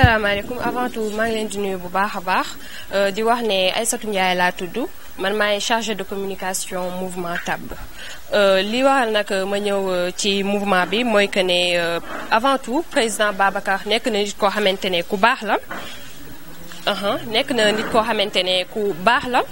asalaamaaleykum avant tout maa ngi leen di nuyu bu baax a baax euh, di wax ne Aïssatou Ndiaye laa tudd man maay chargé de communication mouvement TAB euh, li waxal nag ma ñëw euh, ci mouvement bi mooy que ne avant tout président Babacar nekk na nit koo xamante ne ku baax la nekk na nit koo xamante ne ku baax la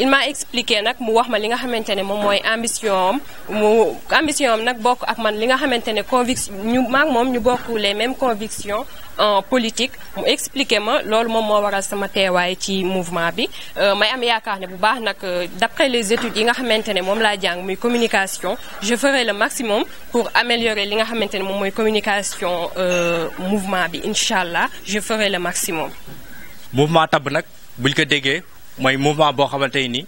il m'a expliqué nag mu wax ma li nga xamante ne moom mooy ambition mu ambition am nag bokk ak man li nga xamante ne conviction ñu maak moom ñu bokk les mêmes convictions en politique mu expliquer ma loolu moom moo waral sama teewaay ci mouvement bi euh, may am yaakaar ne bu baax nag euh, d'après les études yi nga xamante ne moom laa jàng muy communication je ferai le maximum pour améliorer li nga xamante ne moom mooy communication euh, mouvement bi incha allah je ferai le maximum. mouvement tab nag buñ ko déggee mooy mouvement boo xamante ni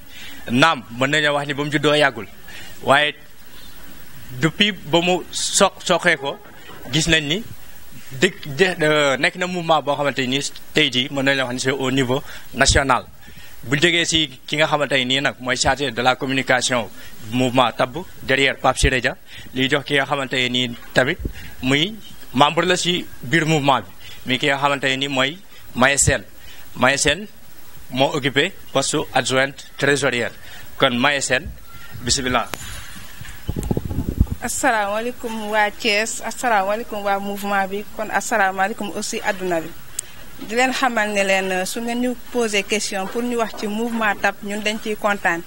naam mën nañoo wax ni ba mu juddoo yàggul waaye depuis ba mu soq soqee ko gis nañ ni. dëkk euh, nekk na mouvement boo xamante ni tey jii mën nañ la wax ni au niveau national bu jógee si ki nga xamante nii nag mooy chargé de la communication mouvement tabb derrière Pape Siré Dia jox ki nga xamante nii tamit muy membre la si biir mouvement bi mi ki nga xamante nii mooy Maye Sène Maye Sène moo occupé poste adjointe trésorière kon Maye Sène asalaamaaleykum waa Thiès asalaamaaleykum waa mouvement bi kon asalaamaaleykum aussi adduna bi di leen xamal ne leen euh, su ngeen ñu posé question pour ñu wax ci mouvement TAP ñun dañ ciy kontaan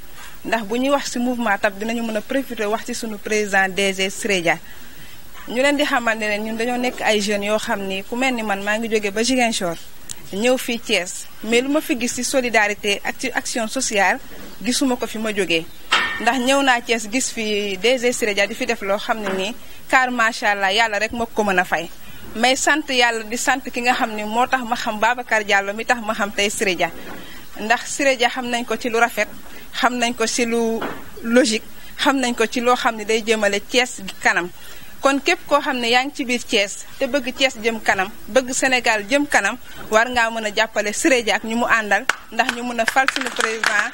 ndax bu ñuy wax ci mouvement TAP dinañu mën a profité wax ci suñu président DG Siré Dia ñu leen di xamal ne leen ñun dañoo nekk ay jeunes yoo xam ni ku mel ni man maa ngi jóge ba Ziguinchor ñëw fii Thiès mais lu ma fi gis ci solidarité ak ci action sociale gisuma ko fi ma jógee ndax ñëw naa Thiès gis fi DG Siré di fi def loo xam ne nii car macha allah yàlla rek moo ko mën a fay mais sant yàlla di sant ki nga xam ne moo tax ma xam Babacar Diallo mi tax ma xam tey Siré ndax Siré xam nañ ko ci lu rafet xam nañ ko ci lu logique xam nañ ko ci loo xam ne day jëmale Thiès gi kanam kon képp koo xam ne yaa ngi ci biir Thiès te bëgg Thiès jëm kanam bëgg Sénégal jëm kanam war ngaa mën a jàppale ak ñu mu àndal ndax ñu mën a fal suñu président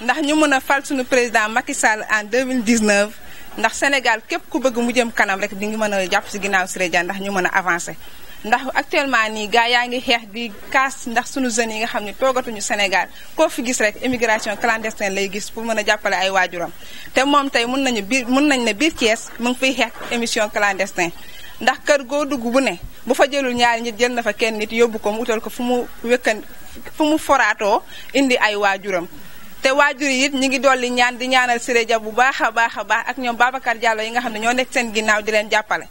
ndax ñu mën a fal suñu président Macky Sall en 2019 ndax Sénégal képp ku bëgg mu jëm kanam rek di ngi mën a jàpp si ginnaaw Siré ndax ñu mën a avancé ndax actuellement nii gars yaa ngi xeex di kaas ndax suñu jeunes yi nga xam ne toogatuñu Sénégal koo fi gis rek immigration clandestine lay gis pour mën a jàppale ay waajuram te moom tey mun nañu biir mun nañ ne biir Thiès mu ngi fiy xeex émission clandestine ndax kër goo dugg bu ne bu fa jëlul ñaari nit jël na fa kenn nit yóbbu ko mu utal ko fu mu wékkan fu mu foraatoo indi ay waajuram te wajur yi ñi ngi dolli ñaan di ñaanal Siré bu baaxa baaxa baax ak ñoom Babacar Diallo yi nga xam ne ñoo nekk seen ginnaaw di leen jàppale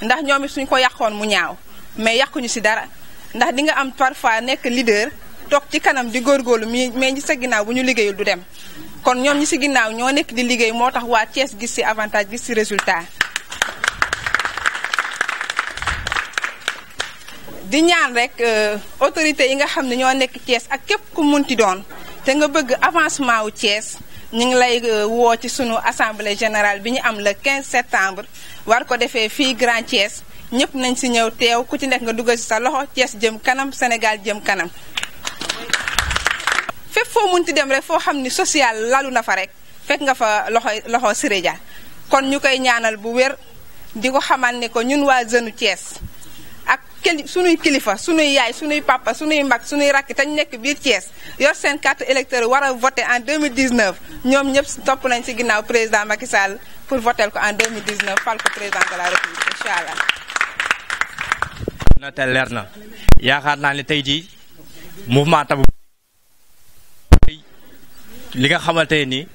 ndax ñoom suñ ko yàqoon mu ñaaw mais yàquñu si dara ndax di nga am parfois nekk leader toog ci kanam di góorgóorlu mi mais ñi sa ginnaaw bu ñu liggéeyul du dem kon ñoom ñi si ginnaaw ñoo nekk di liggéey moo tax waa Thiès gis si avantage gis si résultat di ñaan rek euh, autorité yi nga xam ne ñoo nekk Thiès ak képp ku munti doon te nga bëgg avancement wu Thiès ñu ngi lay euh, woo ci sunu assemblée générale bi ñu am la quinze septembre war ko defee fii Grand Thiès ñëpp nañ si ñëw teew ku ci nekk nga dugal si sa loxo Thiès jëm kanam Sénégal jëm kanam. fépp foo munti dem rek foo xam ni sociale lalu na fa rek fekk nga fa loxo loxo Siré kon ñu koy ñaanal bu wér di ko xamal ni ko ñun waa jeune Thiès. kili sunuy kilifa sunuy yaay sunuy papa sunuy mag sunuy rakk te ñu nekk biir Thiès yor seen carte électeur war a voté en 2019 ñoom ñëpp topp nañ ci ginnaaw président Macky Sall pour voter ko en 2019 fal ko président de la République incha allah. na leer na yaakaar naa ne tey jii mouvement tabu li nga xamante nii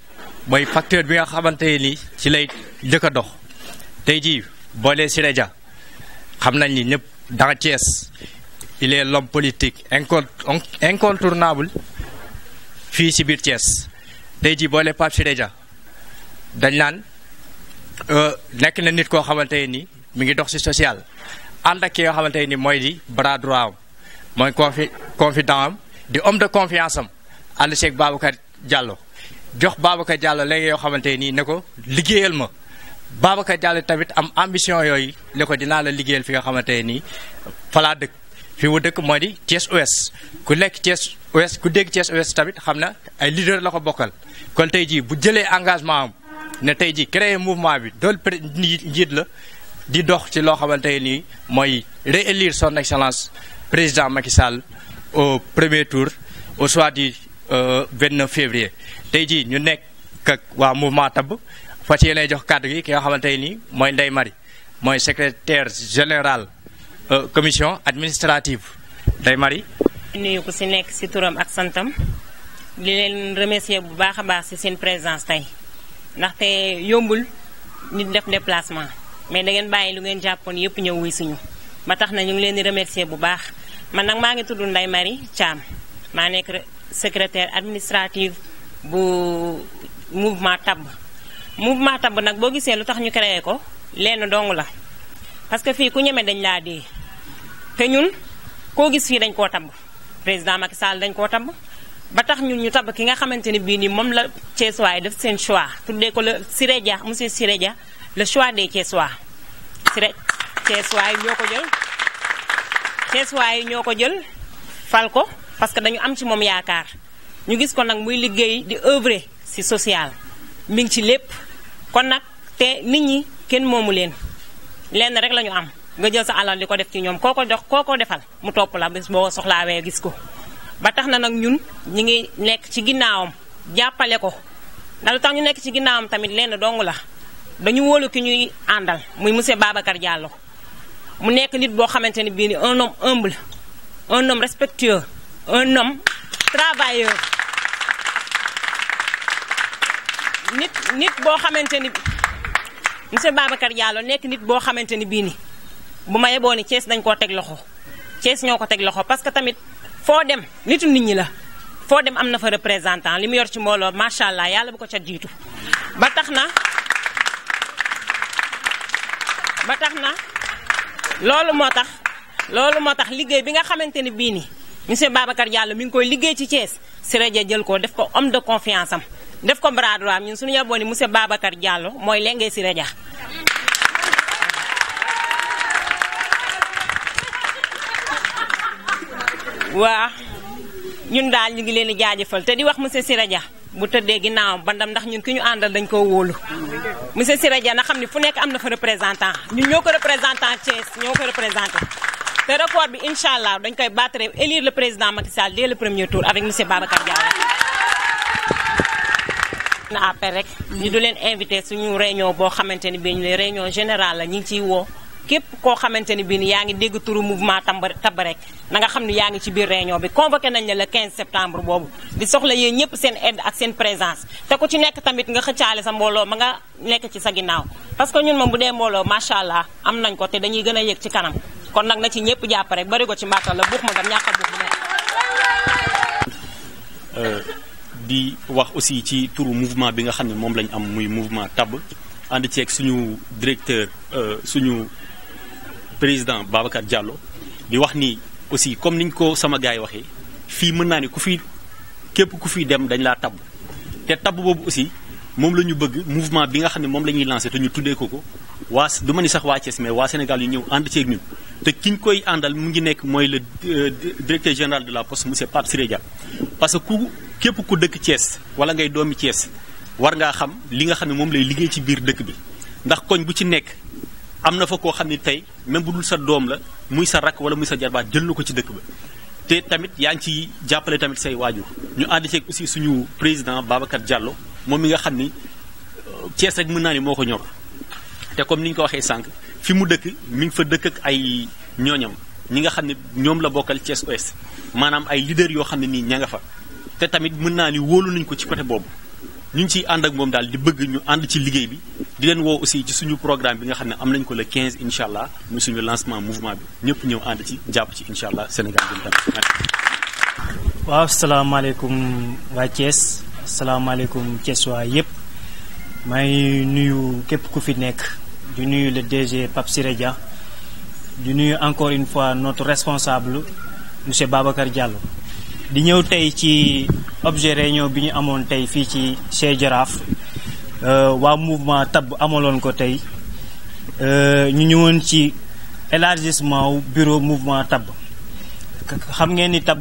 mooy facteur bi nga xamante ni ci lay jëkk a dox tey jii boolee Siré xam nañ ni ñëpp. dans Thiès il est l'homme politique incontournable fii si biir Thiès tey jii boole Pape Siré Dia dañ naan euh, nekk na nit koo xamante ne ni mi ngi dox si social ànd ak yoo xamante ni mooy di bras droit am mooy confi confident am di homme de confiance am ànd seeg Babacar Diallo jox Babacar Diallo léegi yoo xamante nii ne ko liggéeyal ma Babacar Diallo tamit am ambition yooyu ne dinaa la liggéeyal fi nga xamante nii falaa dëkk fi mu dëkk moo di Thiès os ku nekk Thiès Ouest ku dégg Thiès Ouest tamit xam na ay leader la ko bokkal kon tey jii bu jëlee engagement am ne tey jii créer mouvement bi dool njiit la di dox ci loo xamante nii mooy réélire son excellence président Macky Sall au premier tour au soir du 29 euh, février tey jii ñu nekk ak waa mouvement tabb fas yéene jox kàddu gi ki nga xamante ni moy ndey mari moy secrétaire général euh commission administrative ndey mari nuyu ko si nek si turam ak santam di len remercier bu baakha baax si sen présence tay ndax té yombul nit def déplacement mais da ngeen bàyyi lu ngeen jàppoon yépp ñew wuy suñu ma tax na ñu ngi leen di remercier bu baax man nak ma ngi tuddu ndey mari cham ma nek secrétaire administrative bu mouvement TAB. mouvement tab nag boo gisee lu tax ñu créé ko lenn dong la parce que fii ku ñeme dañ laa dee te ñun koo gis fii dañ koo tab président Macky Sall dañ koo tab ba tax ñun ñu tab ki nga xamante ne bii nii moom la Thiessois def seen choix tuddee ko le Siré Dia monsieur Siré Dia le choix des Thiessois Siré Thiessois yi ñoo ko jël Thiessois yi ñoo ko jël fal ko parce que dañu am ci moom yaakaar ñu gis ko nag muy liggéey di œuvrer ci social mi ngi ci lépp kon nag te nit ñi kenn moomu leen lenn rek lañu am nga jël sa alal di ko def ci ñoom koo ko jox koo ko defal mu topp la bés soxlaa soxlaawee gis ko. ba tax na nag ñun ñu ngi nekk ci ginnaawam jàppale ko ndax lu tax ñu nekk ci ginnaawam tamit lenn dong la dañu wóolu ki ñuy àndal muy monsieur Babacar Diallo mu nekk nit boo xamante ne bii nii un homme humble un homme respectueux un homme travailleur. nit nit boo xamante ni monsieur Babacar Diallo nekk nit boo xamante ni bii nii bu ma yeboo cees dañ koo teg loxo Thiès ñoo ko teg loxo parce que tamit foo dem nitu nit ñi la foo dem am na fa représentant li mu yor ci mbooloo macha allah yàlla bu ko ca jiitu ba tax na ba tax na loolu moo tax loolu moo tax liggéey bi nga xamante ni bii ni monsieur Babacar Diallo mi ngi koy liggéey ci Thiès Siré Dia jël ko def ko homme de confiance am def ko bras droit ñun suñu yeboo ni monsieur Babacar Diallo mooy lenge si raja waa ñun daal ñu ngi leen di te di wax monsieur Siré Dia bu tëddee ginnaawam bandam ndax ñun ki ñu àndal dañ koo wóolu monsieur si Dia na xam ne fu nekk am na fa représentant ñun ñoo ko représentant Thiès ñoo ko représenté te record bi incha allah dañ koy battre élire le président Macky Sall dès le premier tour avec monsieur Babacar Diallo na appel rek. ñu du leen invité suñu réunion boo xamante ni bii ñu réunion générale la ñu ngi ciy woo. képp koo xamante ni bii ni yaa ngi dégg turu mouvement tamba tamba rek na nga xam ne yaa ngi ci biir réunion bi convoqué nañ la le 15 septembre boobu di soxla yéen ñëpp seen aide ak seen présence te ku ci nekk tamit nga xëccaale sa mbooloo ma nga nekk ci sa ginnaaw parce que ñun moom bu dee mbooloo macha allah am nañ ko te dañuy gën a yëg ci kanam kon nag na ci ñëpp jàpp bari ko ci mbàttal a buux mu di wax aussi ci tour mouvement bi nga xam ne moom lañu am muy mouvement tabb ànd ceeg suñu directeur euh, suñu président Babacar Diallo di wax ni aussi comme niñ ko sama gars yi waxee fii mën naa ne ku fi képp ku fi dem dañ laa tabb te tabb boobu aussi moom la ñu bëgg mouvement bi nga xam ne moom la ñuy lancé te ñu tuddee ko ko waa du ma ni sax waa Thiès mais waa Sénégal yu ñëw ànd ceeg ñun te kiñ koy àndal mu ngi nekk mooy le euh, directeur général de la poste monsieur Pape Siré képp ku dëkk cees wala ngay doomi Thiès war ngaa xam li nga xam ne moom lay liggéey ci biir dëkk bi ndax koñ bu ci nekk am na fa koo xam ne tey même bu dul sa doom la muy sa rakk wala muy sa jarbaat jël na ko ci dëkk ba te tamit yaa ngi ci jàppale tamit say waajur ñu ànd ceeg aussi suñu président Babacar Diallo moom mi nga xam ni euh, Thiès rek mën naa ni moo ko ñor te comme ni ñu ko waxee sànq fi mu dëkk mi ngi fa dëkk ak ay ñooñam ñi nga xam ne ñoom la bokkal Thiès Ouest maanaam ay leader yoo xam ne nii ña nga fa te tamit mën naa ni wóolu nañ ko ci côté boobu ñu ngi ciy ànd ak moom daal di bëgg ñu ànd ci liggéey bi di leen woo aussi ci suñu programme bi nga xam ne am nañ ko le 15 incha allah muy suñu lancement mouvement bi ñëpp ñëw ànd ci jàpp ci incha allah Sénégal jëm tamit. waaw salaamaaleykum waa Thiès salaamaaleykum Thiès waa yëpp maa ngi nuyu képp ku fi nekk du nuyu le DG Pape Siré Dia di nuyu encore une fois notre responsable monsieur Babacar jàll di ñëw tey ci objet réunion bi ñu amoon tey fii ci Chez Jaraaf euh, waa mouvement tab amaloon ko tey euh, ñu ñëwoon ci élargissement bureau mouvement tab xam ngeen ni tab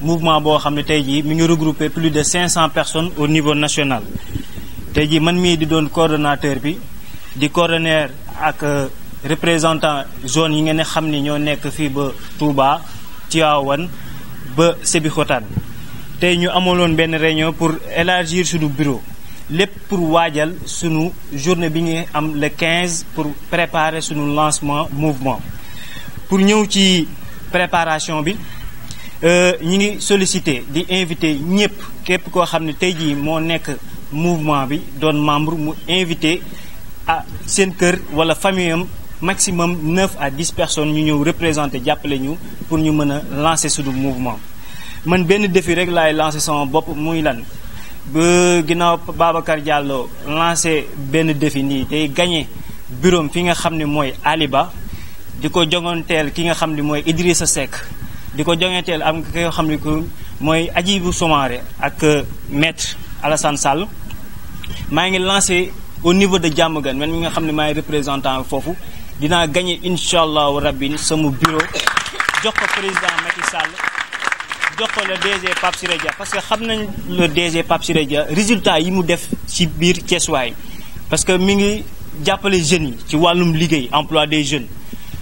mouvement boo xam ne tey jii mi ngi regroupé plus de 500 personnes au niveau national tey jii man mii di doon coordonnateur bi di coordonnateur ak euh, représentant zone yi ngeen ne xam ni ñoo nekk ba Touba ba Sébikotane tey ñu amaloon benn réunion pour élargir suñu bureau lépp pour waajal suñu journée bi am le 15 pour préparer suñu lancement mouvement pour ñëw ci préparation bi euh, ñi ngi sollicité di invité ñëpp képp koo xam ne tey jii moo mouvement bi doon membre mu invité à seen kër wala famille maximum 9 à 10 personnes nous représentent, pour ñu Je lancer ce mouvement man défi rek lay lancé sama bop muy lan ba ginaaw Babacar Diallo lancer défi ni day gagner bureau fi nga moy Aliba Idrissa ko ak euh, maître Alassane au niveau de man nga représentant dinaa gagné inshallah allahu rabbi bureau jox ko président Macky Sall jox ko le DG Pape Siré Dia parce que xamnañ le DG Pape Siré Dia résultat yi mu def ci bir Ceesuwaay parce que mi ngi jàppale jeunes yi ci walum liggéey emploi des jeunes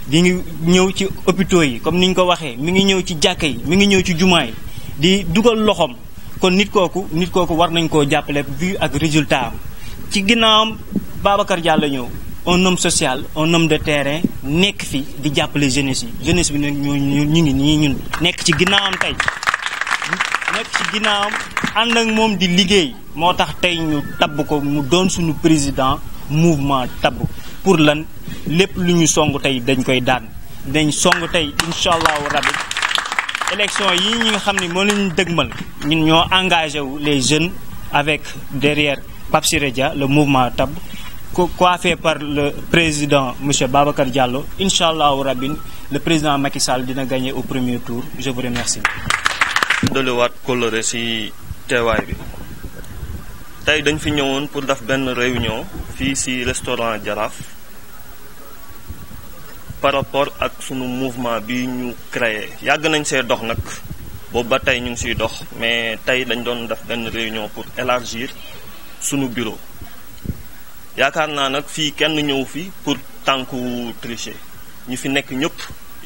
di ngi ñew ci hôpitaux yi comme niñ ko waxé mi ngi ñew ci jàkka yi mi ngi ñew ci jumaa yi di dugal loxom kon nit koku nit koku war nañ ko jàppale vu ak résultat ci ginnaawam Babacar Diallo ñew un homme social un homme de terrain nek fi di jàppale jeunesse yi jeunesse bi ñu ñi ñun nek ci tay. Nek ci and ak mom di liggéey moo tax ñu sommes ko président mouvement pour lan lépp lu ñu song tey dañ koy daan dañ rabbi élection yi ñi nga engagé les jeunes avec derrière Pape le mouvement tab coiffé par le président M. Babacar Diallo, Inch'Allah au Rabin, le président Macky Sall dina gagner au premier tour. Je vous remercie. le kóllëre ci teewaay bi tay dañ fi ñëwoon pour daf ben réunion fii ci restaurant Jaraf. par rapport ak sunu mouvement bi ñu créé yàgg nañ see dox nag boobu ba tey ñu ngi ciy dox mais tey dañ doon daf ben réunion pour élargir sunu bureau yaakaar naa nag fii kenn ñëw fi pour tànku tricher ñu fi nekk ñëpp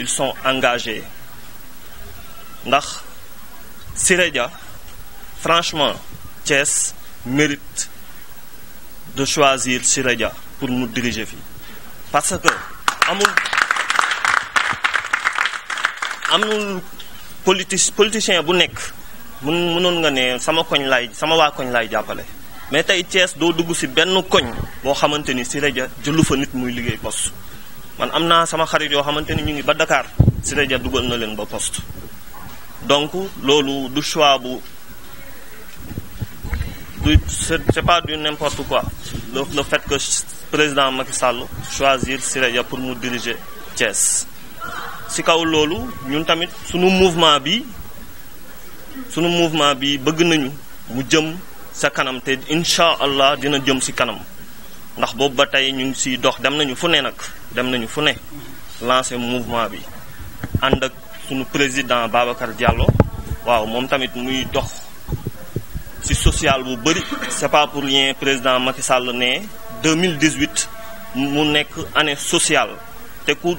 ils sont engagés ndax Siré franchement Thiès mérite de choisir Siré pour nous diriger fii parce que amul amul politi politicien bu nekk mun mënoon nga ne sama koñ laay sama waa koñ laay jàppale mais tey Thiès doo dugg si benn koñ boo xamante ni Siré ja jëlu fa nit muy liggéey poste man am naa sama xarit yoo xamante ni ñu ngi ba dakaar Siré Dia dugal na leen ba poste donc loolu du choix bu du c'est pas du n'importe quoi le le fait que président Macky Sall choisir Siré Dia pour mu diriger Thiès si kaw loolu ñun tamit sunu mouvement bi sunu mouvement bi bëgg nañu mu jëm sa kanam te incha allah dina jëm si kanam ndax boobu ba tey ñu ngi siy dox dem nañu fu ne nag dem nañu fu ne lancé mouvement bi ànd ak sunu président Babacar Diallo waaw moom tamit muy dox si social bu bëri. c'est pas pour rien président Macky Sall ne 2018 mu nekk année sociale te ku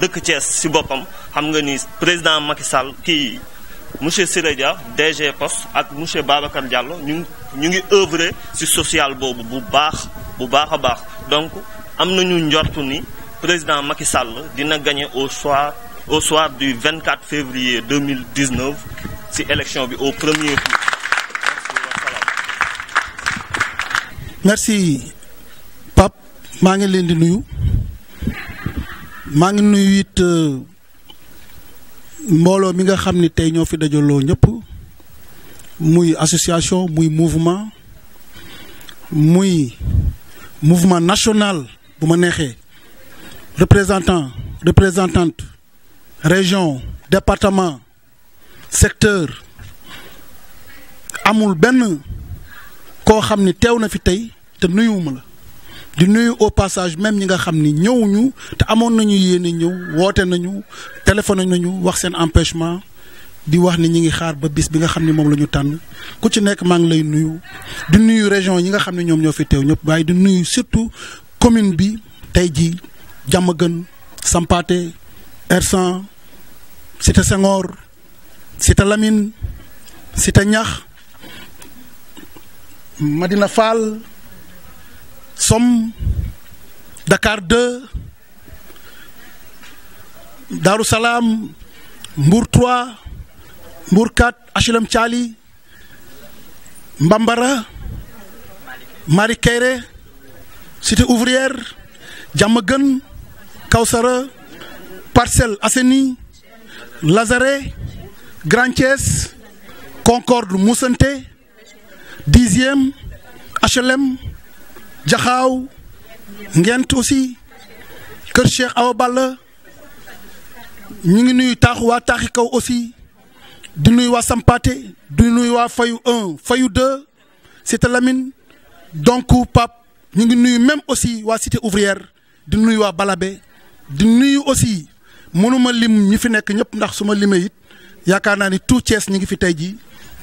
dëkk Thiès si boppam xam nga ni président Macky Sall kii. monsieur Sereja DG Poste et monsieur Babacar Diallo ñu ñu ngi œuvrer social pour bu baax bu baaxa baax donc amna ñu ñortu ni président Macky Sall dina gagné au soir au soir du 24 février 2019 ci élection au premier tour. merci Pape ma ngi leen di nuyu ma ngi nuyu euh, mbolo mi nga xamni tay tey ñoo fi ñëpp muy association muy mouvement muy mouvement national buma nexé représentant représentante région département secteur amul ben ko xamni tewna fi tay te nuyuuma la di nuyu au passage même ñi nga xam ni ñëwuñu te amoon nañu yéene ñëw woote nañu téléphone nañu wax seen empêchement di wax ni ñi ngi xaar ba bis bi nga xam ni moom la ñu tànn ku ci nekk maa ngi lay nuyu di nuyu région yi nga xam ne ñoom ñoo fi teew ñëpp waaye di nuyu surtout commune bi tey jii Diamaguène Sampaté Hersent Cité Senghor Cité Lamine Cité Niax Madina Fall Somme, Dakar 2, Darussalam, Mbour 3, Mbour 4, HLM Chali Mbambara, Marikere, Cité Ouvrière, Djamagan, Kausara, Parcelle Asseni, Lazare, Grand Concorde Moussante, 10e, HLM, jaxaaw ngent aussi kër Cheikh a Balla ñu ngi nuyu taaxu waa taaxi kaw aussi du nuyu waa Sampaate du nuyu waa fayu un fayu deux te Lamine donc Pape ñu ngi nuyu même aussi waa cité ouvrière di nuyu waa Balabe di nuyu aussi mënuma lim ñi fi nekk ñëpp ndax suma ma limee it yaakaar naa ni tout Thiès ñi ngi fi tey jii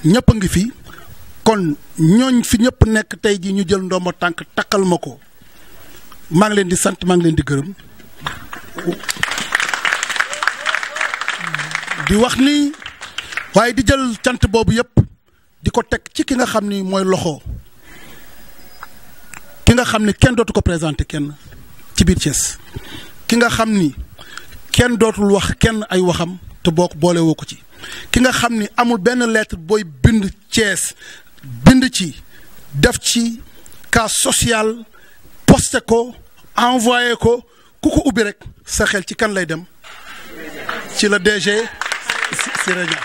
ñëpp a ngi fi. kon ñooñ fi ñëpp nekk tey ji ñu jël ndombo tànk takkal ma ko maa ngi leen di sant maa ngi leen di gërëm di wax ni waaye di jël cant boobu yëpp di ko teg ci ki nga xam ni mooy loxo ki nga xam ni kenn dootu ko présenté kenn ci biir Thiès ki nga xam ni kenn dootul wax kenn ay waxam te boo ko woo ko ci ki nga xam ni amul benn lettre booy bind Thiès bind ci def ci cas social posté ko envoyé ko ku ko ubbi rek sa xel ci kan lay dem ci la DG Siré Dia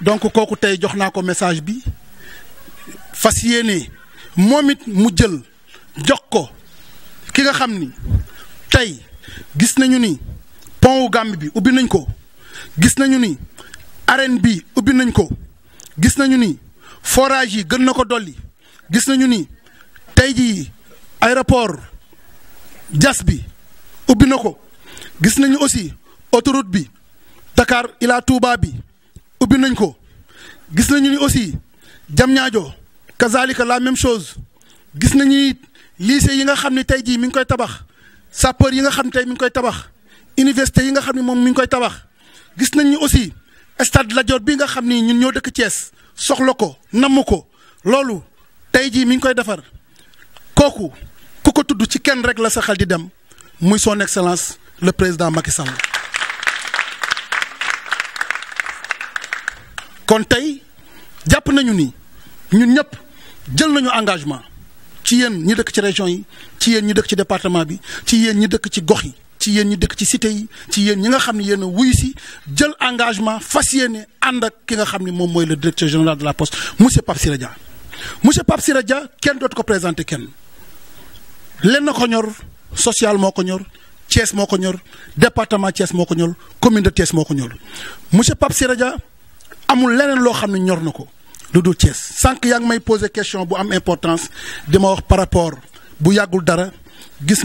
donc kooku tey jox naa ko message bi fas yéene moom it mu jël jox ko ki nga xam ni tey gis nañu ni pont wu Gàmbi bi ubbi nañ ko gis nañu ni arène bi ubbi nañ ko gis nañu ni forage yi gën na ko dolli gis nañu ni tey jii aéroport jas bi ubbi na ko gis nañu aussi autoroute bi Dakar ila Touba bi ubbi nañ ko gis nañu ni aussi Diamniadio kazalika la même chose gis nañu lycée yi nga xam ne tey jii mi ngi koy tabax sapor yi nga xam ne tey mi ngi koy tabax université yi nga xam ne moom mi ngi koy tabax gis nañu aussi stade Lat Dior bii nga xam ni ñun ñoo dëkk Thiès soxla ko namm ko loolu tey jii mi ngi koy defar kooku ku ko tudd ci kenn rek la sa xel di dem muy son excellence le président Macky Sall. kon tey jàpp nañu ni ñun ñëpp jël nañu engagement ci yéen ñi dëkk ci région yi ci yéen ñi dëkk ci département bi ci yéen ñi dëkk ci gox yi. ci une ñi ci cité ci nga engagement le directeur général de la poste monsieur Pape monsieur Pape Siraja, ko ko ñor social moo ñor Thiès ñor département Thiès ñor commune de Thiès moo ñor monsieur Pape Siraja, amul leneen loo xam ñor Thiès may question bu importance de wax par rapport bu dara gis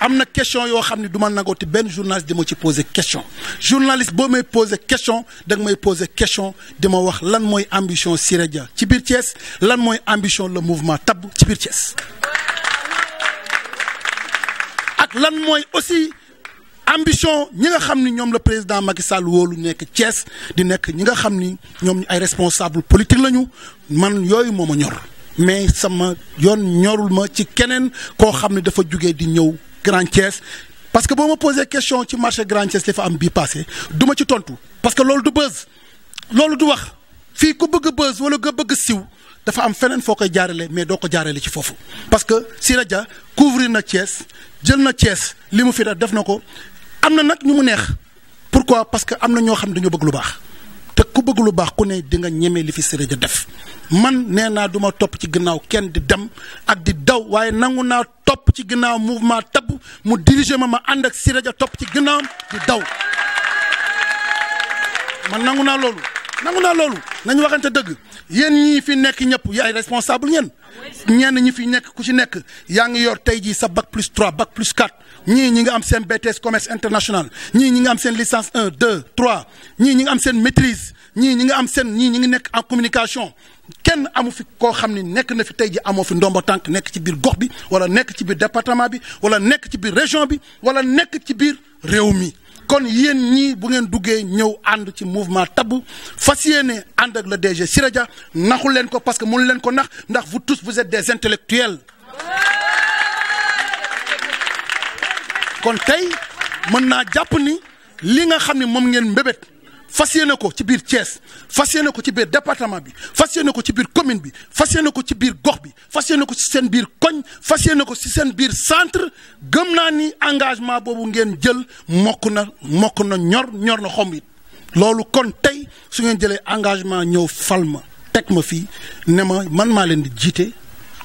amna question yo xamni duma nagoti ben journaliste di ci poser question journaliste bo may poser question dag may poser question di wax lan moy ambition Siré ci bir ties lan moy ambition le mouvement tab ci bir ties ak lan moy aussi ambition ñi nga xam le président Macky Sall n'ek nekk Thiès di nek ñi nga xam ay responsable politique lañu man yooyu moma ñor mais sama yon ñorul ma ci kenen ko xamni dafa jugee di ñew Grand Thiès parce que bo me poser question ci marché Grand Thiès li fa am bi passé du ci tontu parce que l'ol du buzz loolu du wax fi ku bëgg buzz wala ga bëgg siw dafa am fenen foo koy jaarale mais doo ko jaarale ci fofu parce que Siré couvrir na Thiès jël na Thiès limu fi def nako amna nak ñu mu neex pourquoi parce que amna ño xam dañu bëgg lu baax te ku bëgg lu baax ku ne di nga ñëmé li fi def man neena naa du ma ci gannaaw kenn di dem ak di daw waye nangu topp ci ginnaaw mouvement tabb mu diriger ma ma ànd ak Siré Dia topp ci ginnaawam di daw man nangu naa loolu nangu naa loolu na nañu waxante dëgg yéen ñii fi nekk ñëpp yi ay responsable ngeen ñenn ñi fi nekk ku ci nekk yaa ngi yor tey jii sa bac plus 3 bac plus 4 ñii ñi nga am seen BTS commerce international ñii ñi nga am seen licence 1 2 3 ñii ñi nga am seen maitrise ñii ñi nga am seen ñii ñi ngi nekk en communication kenn amu fi koo xam ni nekk na fi tey ji amoo fi ndombo tànk nekk ci biir gox bi wala nekk ci biir département bi wala nekk ci biir région bi wala nekk ci biir réew mi kon yéen ñii bu ngeen duggee ñëw ànd ci mouvement tabbu fas yéene ànd ak le DG Siré Dia naxul leen ko parce que mun leen ko nax ndax vous tous vous êtes des intellectuels kon tey mën naa jàpp ni li nga xam ne moom ngeen mbébét fas yéene ko ci biir Thiès fas yéene ko ci biir département bi fas yéene ko ci biir commune bi fas yéene ko ci biir gox bi fas yéene ko ci seen biir koñ fas yéene ko ci seen biir centre gëm naa ni engagement boobu ngeen jël mokk na mokk na ñor ñor na xom it loolu kon tey su ngeen jëlee engagement ñëw fal ma teg ma fii ne ma man maa leen di jiite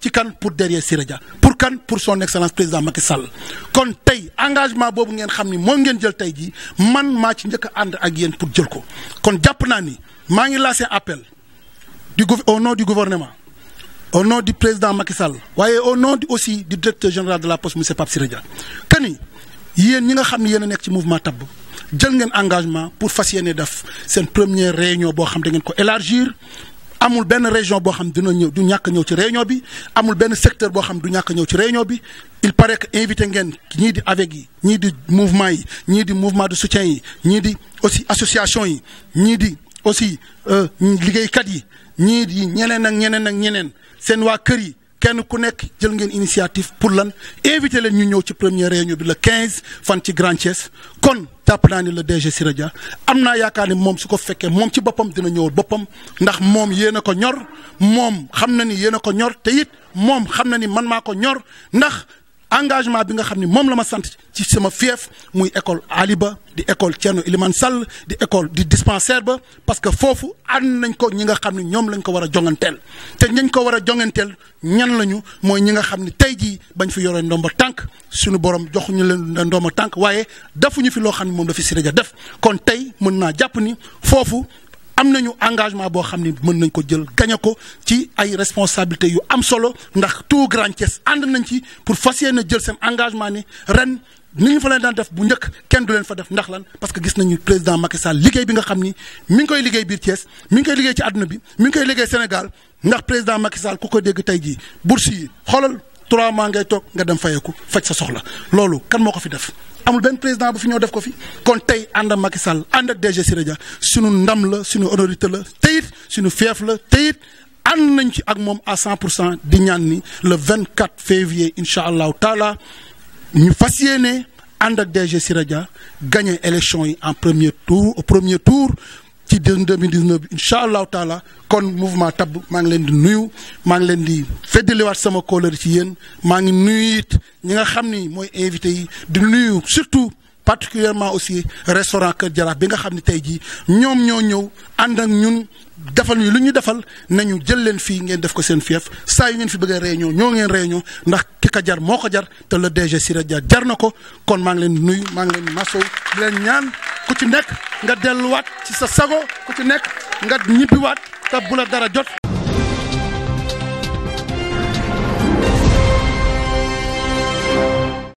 ci kan pour derrière Siré pour kan pour son excellence président Macky Sall kon tay engagement bobu ngeen xamni mo moom ngeen jël tay gi man ma ci ñëk and ak yéen pour jël ko kon japp na ni ma ngi lancé appel du au nom du gouvernement au nom du président Macky Sall wayé au nom du aussi du directeur général de la poste monsieur Pape Siré Kani que ñi nga xamni ni yéen nekk ci mouvement tab jël ngeen engagement pour fas yéene def seen première réunion bo xam da ngeen ko élargir amul benn région boo xam dina ñëw du ñàkk ñëw ci réunion bi amul benn secteur boo xam du ñàkk ñëw ci réunion bi il paraît que invité ngeen ñii di avec yi ñii di mouvement yi ñii di mouvement de soutien yi ñii di aussi association yi ñii di aussi euh, liggéeykat yi ñii di ñeneen ak ñeneen ak ñeneen seen waa kër yi. kenn ku nekk jël ngeen initiative pour lan invité leen ñu ñëw ci première réunion bi la quinze fan ci Grand kon jàpp naa ni le DG si Dia am naa yaakaar ni moom su ko fekkee moom ci boppam dina ñëwal boppam ndax moom yéen a ko ñor moom xam na ni yéen a ko ñor te it moom xam na ni man maa ko ñor ndax. engagement bi nga xam ne moom la ma sant ci sama fief muy école Aliba di école Thierno Ilimane sal di école di dispensaire ba parce que foofu ànd nañ ko ñi nga xam ne ñoom lañ ko war a jonganteel te ñañ ko war a jonganteel ñan lañu mooy ñi nga xam ni tey jii bañ fi yore ndomba tànk suñu borom joxuñu leen ndomba tànk waaye defuñu fi loo xam ne moom la fi Siré Dia def kon tey mën naa jàpp ni foofu. am nañu engagement boo xam ni mën nañ ko jël gañe ko ci ay responsabilités yu am solo ndax tout Grand Thiès ànd nañ ci pour fas yéene jël seen engagement ni ren ni ñu fa leen daan def bu njëkk kenn du leen fa def ndax lan parce que gis nañu président Macky Sall liggéey bi nga xam ni mi ngi koy liggéey biir Thiès mi ngi koy liggéey ci àdduna bi mi ngi koy liggéey Sénégal ndax président Macky ku ko dégg tey jii bourse yi xoolal trois mois ngay toog nga dem fayeku faj sa soxla loolu kan moko fi def amul ben président bu fi ñoo def ko fi kon tay ànd ak Macky Sall ànd ak DG Siré suñu ndam la suñu honorité la teyit la nañ ci ak à 100 pour cent di ñaan ni le 24 février inshallah taala ñu fassiyene yéene ak DG élection yi en premier tour au premier tour ci deux mille dix neuf bi incha allahu taala kon mouvement tab maa ngi leen di nuyu maa ngi leen di feddaliwaat sama kóolër ci yéen maa ngi nuyu it ñi nga xam ni mooy invité yi di nuyu surtout. particulièrement aussi restaurant Kër Jaraaf bi nga xam ne tey jii ñoom ñoo ñëw ànd ak ñun defal ñu lu ñu defal nañu jël leen fii ngeen def ko seen fief saa yu ngeen fi bëggee réunion ñoo ngeen réunion ndax ki ka jar moo ko jar te le DG Sira Dia jar na ko kon maa ngi leen nuyu maa ngi leen masow di leen ñaan ku ci nekk nga delluwaat ci sa sago ku ci nekk nga ñibbiwaat te bu la dara jot